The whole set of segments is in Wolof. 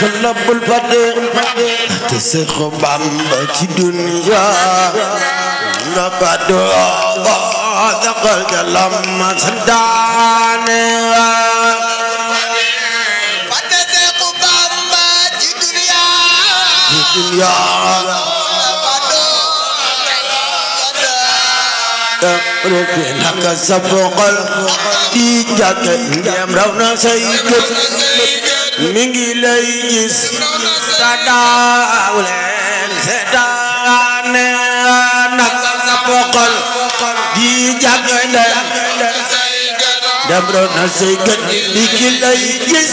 Galabul Fadé te Seex Bamba ci dunya naka do ba daqal galam sandaane naka sa boqal di jàkka ndeem raw na say gët mi ngi lay gis ta daaw leen seetaane naka sa boqal di jàkka ndeem raw na say gët mi ngi lay gis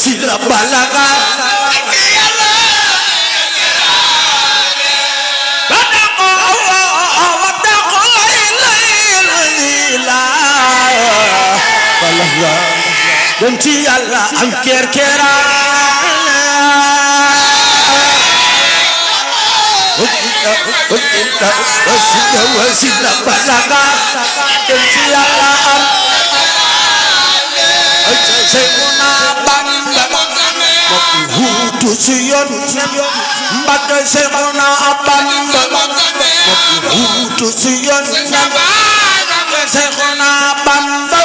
sidra balaga dem ci yàlla am keer keeraan wuutu si yoon Mbàkke Seex na Bamba wuutu si yoon Mbàkke Seex na Bamba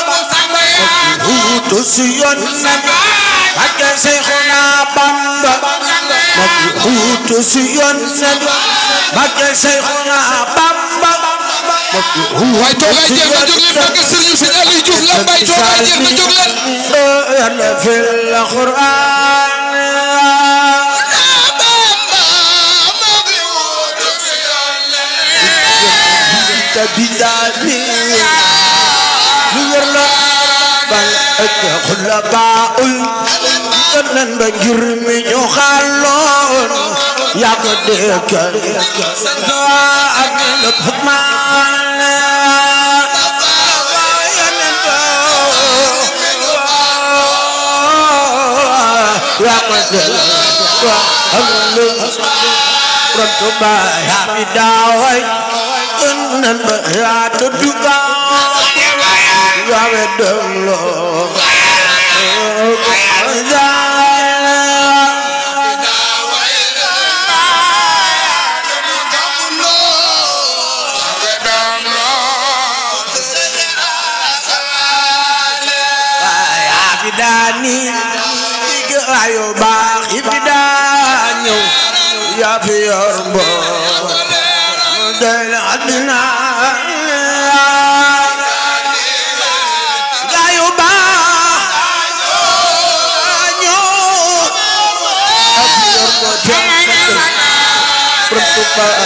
wuutu si yoon Mbàkke Seex na Bamba wuutu si yoon Mbàkke Seex na Bamba waaye toogaa jéem a jóg leen bëgg sëriñ si Aliou Diouf la mbay toogaa jéem a jóg leen الزامي نيرلا بل خلفاء نن بجرمي يخالون يا قدك سنتوا الحكمان يا قدك وهم رب تبا يا بداوي nan ba do tudd gaaw yaa we dem loo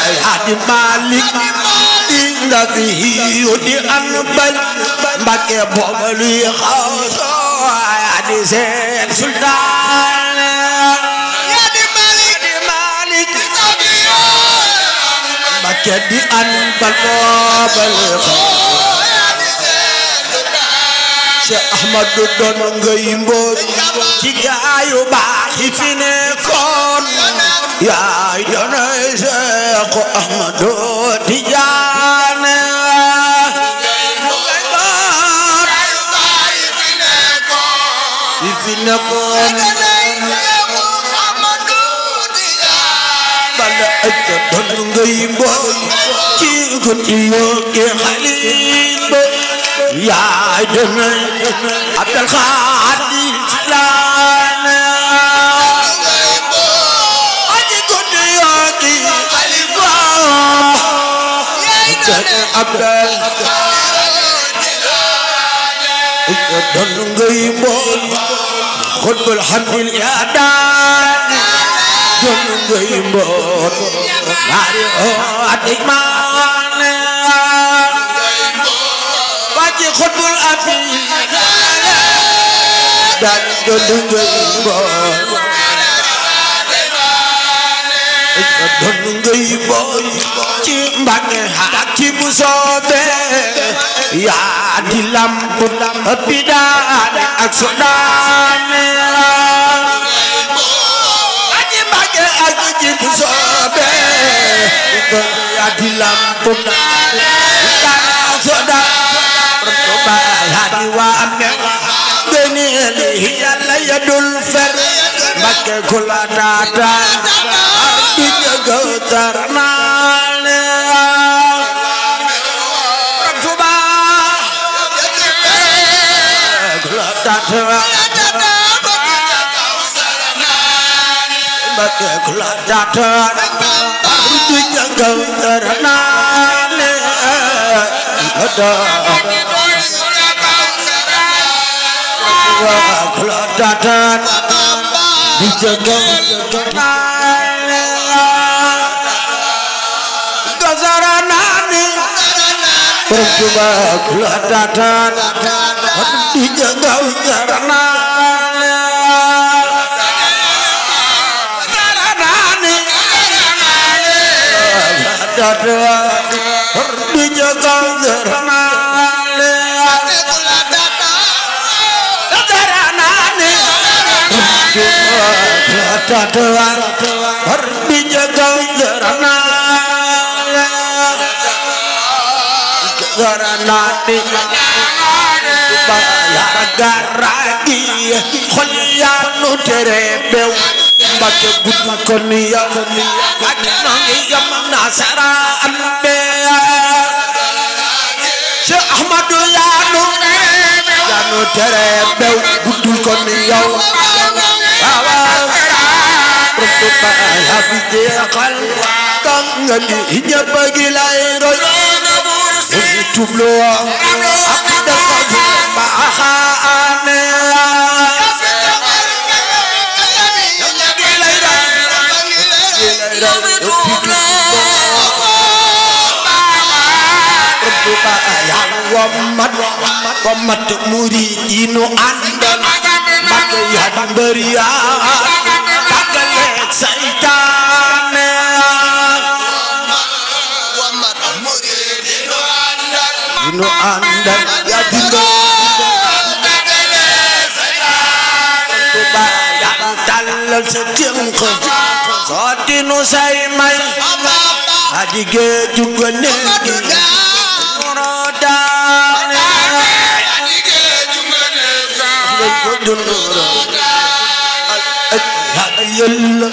Alhaji Malick di nga fi yu di an bañ Mbàkke booba luy xaw soo yaa di seen sultaan yaa di Malick di Malick Mbàkke di an bañ booba luy xaw Cheikh Ahmadou doon ngay mbooj ci gaayu baax yi fi nekkoon yaay jonay Seex Ahmadu Tijaane fi nekkoon bala ay ka doon ngay mboy ci guddi yoo ki xalil ba yaay jonay Abdul Xaadir abdal don ngay mbool xutbul hamdil ya daan don ngay mbool bari o adik man baji xutbul afi dan don ngay mbool don ngay bool ci Mbacké Hakim Soobe yaa di lamp bidaane ak sodaane aji Mbacké Hakim Soobe yaa di lamp bidaane ak sodaane yaa di waa ngeen yàlla ya dul fer Mbacké ku la daataan Jangan, jangan, jangan. Cuma gula dadan Hatinya gak ujarana Dadan Hatinya gak ujarana Cuma gula dadan راتي راتي خليا نتربو مبكي بدنا كنيا أدنا يم نصرا أنبيا شيخ أحمد يا نتربو يا نتربو بدنا كنيا ربنا يا بيجي قلبك كان عندي هجبك لا jubluwa aku dafa ba axaane yang wamat wamat murid inu andan pakai yang beriak nu ànda ya dinga ya dalal sa tënk sotti nu say may adige juga negi murodaane ko dunura yalla yalla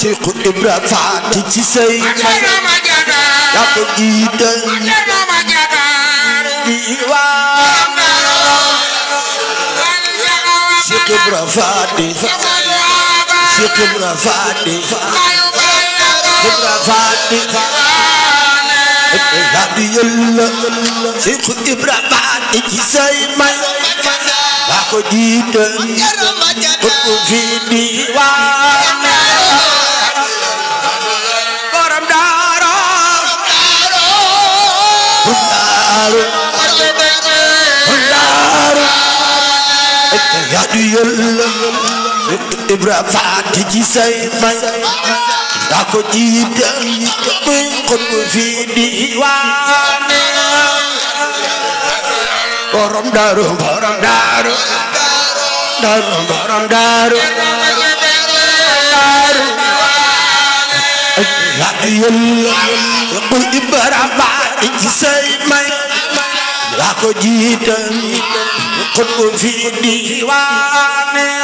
Cheikh Ibra Faati ci say may ya ko jiital Sikibra Fadi Sikibra Fadi Sikibra Fadi Nabi Yalla Sikh Ibra Fadi Kisay May Bako Jidan Kutu Fidi Wana Koram Daro Koram Daro yàddu yàlla ibra faati ci say may daa ko jiite muy xut fi diwaane borom daaru borom daaru daaru borom daaru daaru yàddu yàlla ibra faati ci say may daa ko jiite قطب في ديوانه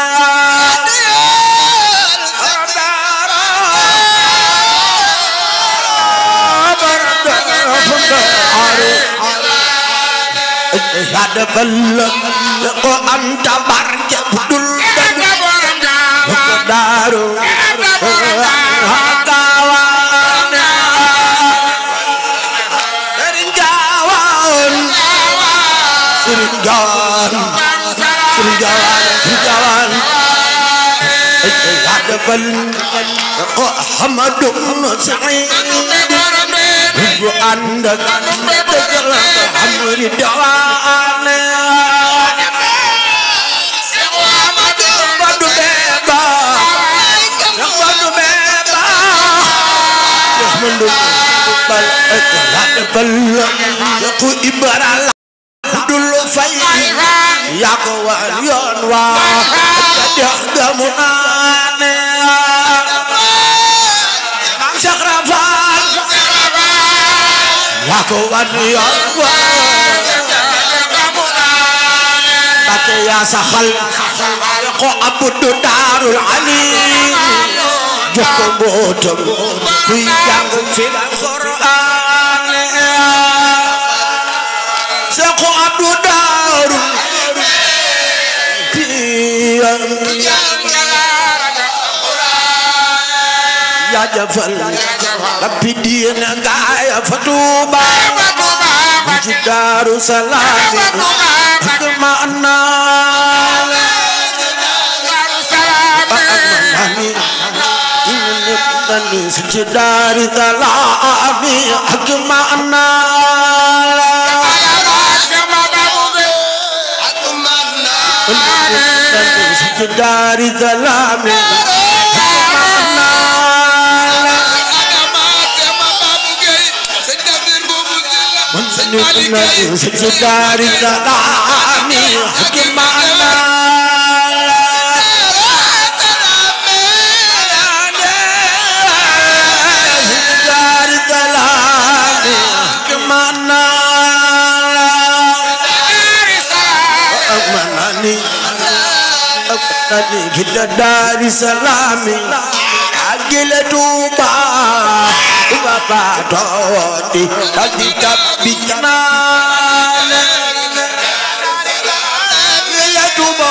هذا بلغ وأنت برجع بدل دنيا دارو جوال جوال أحمد بن سعيد عندك عمري دوال Bal, bal, bal, bal, bal, bal, bal, ko wal yoon waa jox gamu naane maam Cheikh Rafal yaa ko wal yoon waa bake yaa saxal ko abudu daarul alim jox ko mbootam kuy jàng fi alxuraan sa ko abudu daarul yaa jafal rabbi diina gaaya fa tuuba ci daaru salaam ak maana ci daaru salaam ak maana जारी जला में Sitari Dalani Hakim gila Daaru Salaam ak gila Tuuba baba doodi ak di kabbi janaane gila Tuuba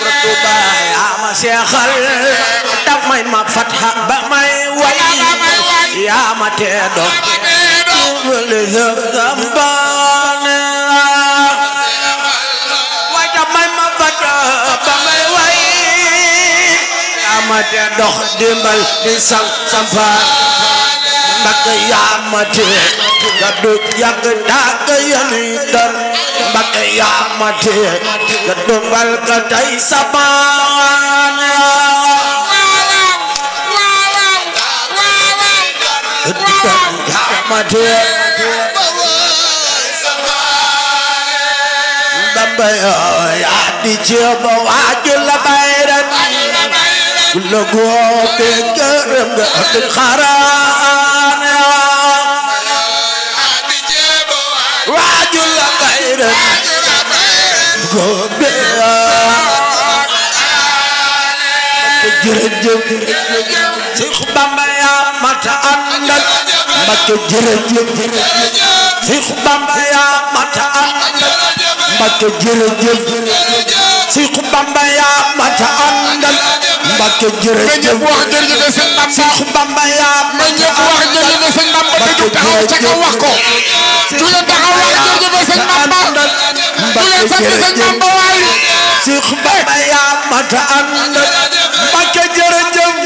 Tuuba yaa ma seexal tax may ma fatha ba may way yaa ma tee doon te dox dimbal di sam sampaan Mbakke yaa ma tee ga du yàgg dàgg yanu dar Mbakke yaa ma tee ga dumbal ka tey متي بابا يا ديجي بواجو لبيرن كل قوم كرم الخران واجو لبيرن قوم جرجو جرجو شيخ بابا يا متى عندك Mbakke jërëjëf Seex Bamba yaa mata àndal Mbakke jërëjëf Seex Bamba yaa mata àndal Mbakke jërëjëf wax jërëjëf seen ndam Seex Bamba yaa mata wax jërëjëf seen ndam ba du taxaw ca kaw wax ko du leen taxaw wax jërëjëf seen ndam du leen sant seen ndam waay Seex Bamba yaa mata àndal Mbakke jërëjëf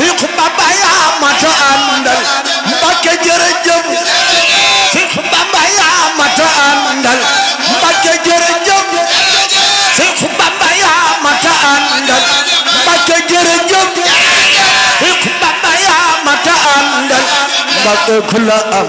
Seex Bamba yaa mata àndal mata àndal Mbàkke jërëjëf Seexu Bamba yaa mata àndal Mbàkke jërëjëf Seexu Bamba yaa mata àndal am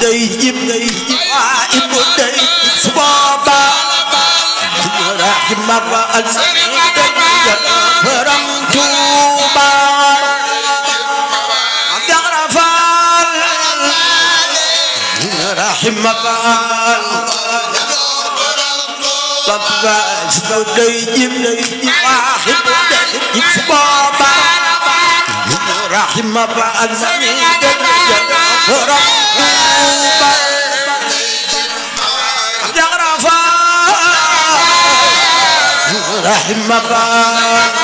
day jib waa ibu day su booba suñu rahima wa al sëriñ day jël borom Tuuba am jaxra faal suñu rahima wa al baba su day jib waa ibu day jib su booba suñu rahima wa al sëriñ day jël رحمك رحمك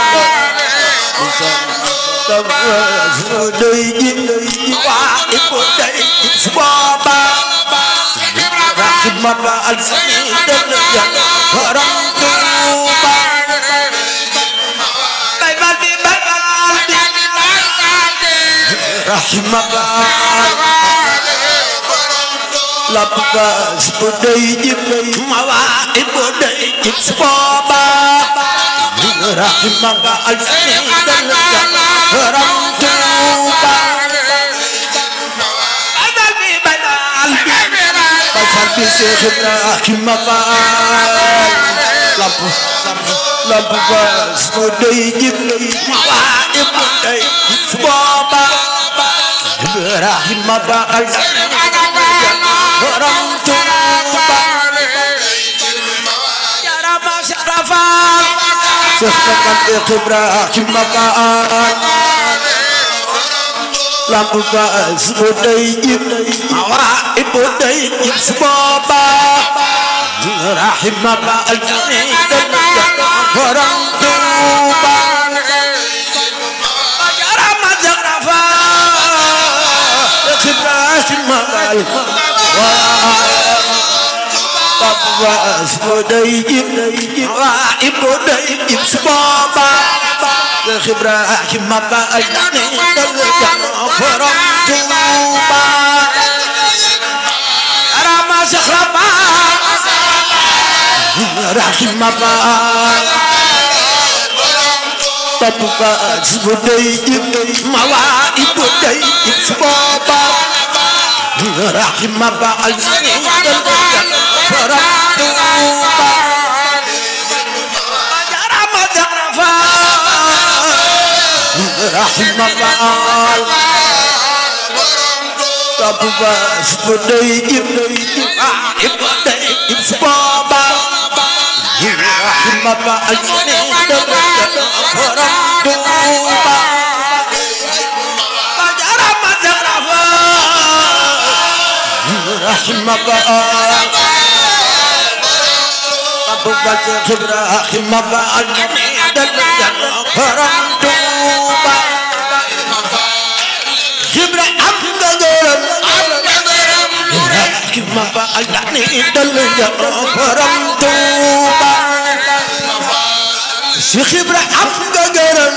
رحمة لباس بدي جبي مواعب بدي جب سبابا رحمة السيد الجرمتوبا بدل ببدا البي بصر بسيخنا رحمة لباس بدي جبي مواعب بدي سبابا Ibrahim ada Allah Orang tua Cara masyarakat Sesuaikan Ibrahim ada Allah Lampu bahas mudayin Awak ibu dayin semua bah Rahim ada Allah Orang tua magal waa suba day jib waa ibo day jib suba ba Cheikh Ibrahim magal ne dal jano borom Tuuba arama Cheikh Rama Rahim magal topp ba suba day jib ma waa ibo day jib suba ba رحم بعزيز فردوبا جرم ذرفا رحم بعال تبوا سبدي إبدي إبدي إبابا رحم بعزيز فردوبا احمد ابو بكر جبرا احمد عدل فرمت جبرا عبد درم احمد عدل فرمت شيخ ابرا عبد درم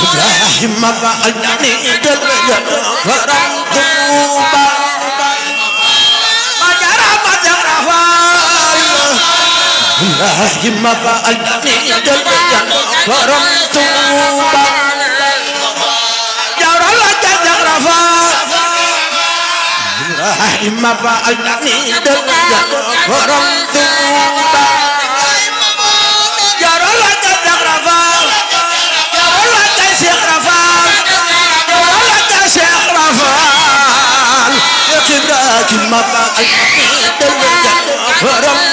ابراهيم مرة عدل فرمت Illaahi ma faal fi dal jaan borom Tuuba jawral la jaan rafa Illaahi ma faal fi dal jaan borom Tuuba jawral la jaan rafa jawral la jaan Cheikh rafa jawral la jaan Cheikh rafa Illaahi ma faal fi dal jaan borom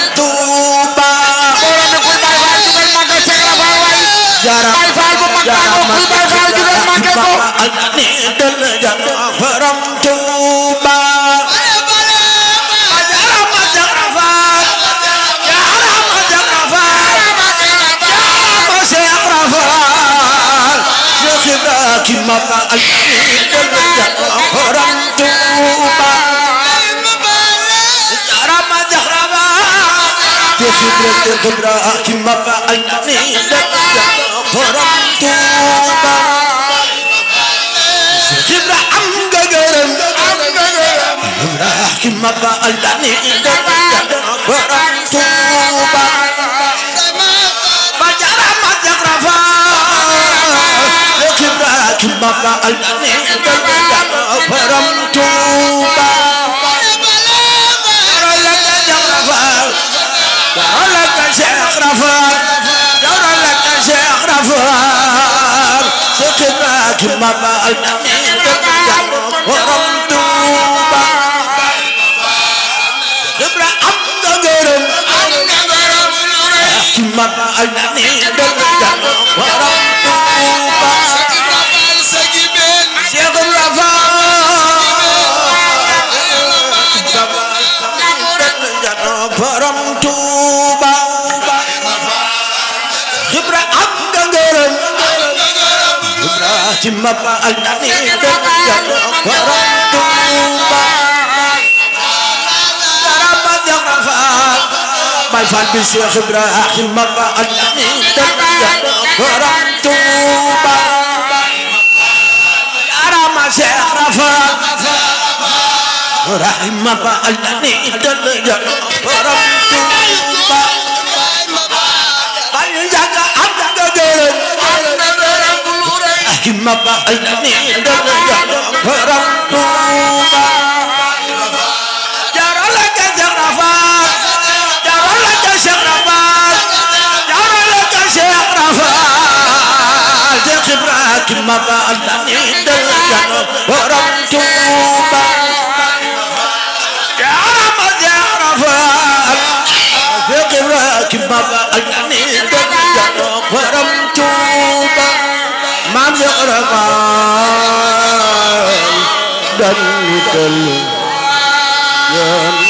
jaara bay faal bu mag ba ko kuy bay faal ju doon màgge ko ni del jano faram tuuba Kim Allah al-Nidal al-Haram Tuba Ramadhan Ramadhan Ramadhan Ramadhan Ramadhan ma baal dani borom Tuuba ba jara ma أجني بالدم ورمت ci mab al nani ما يفعل بالشيخ إبراهيم مرة الأمين ورمت أرى ما شيخ رفا رحم مرة الأمين ورمت رحم مرة الأمين ورمت ما فعلت عند الجنة ورم توبا يا رب يا رفاعك في قبرك ما فعلت عند الجنة ورم توبا ما يعرف دمك الجنة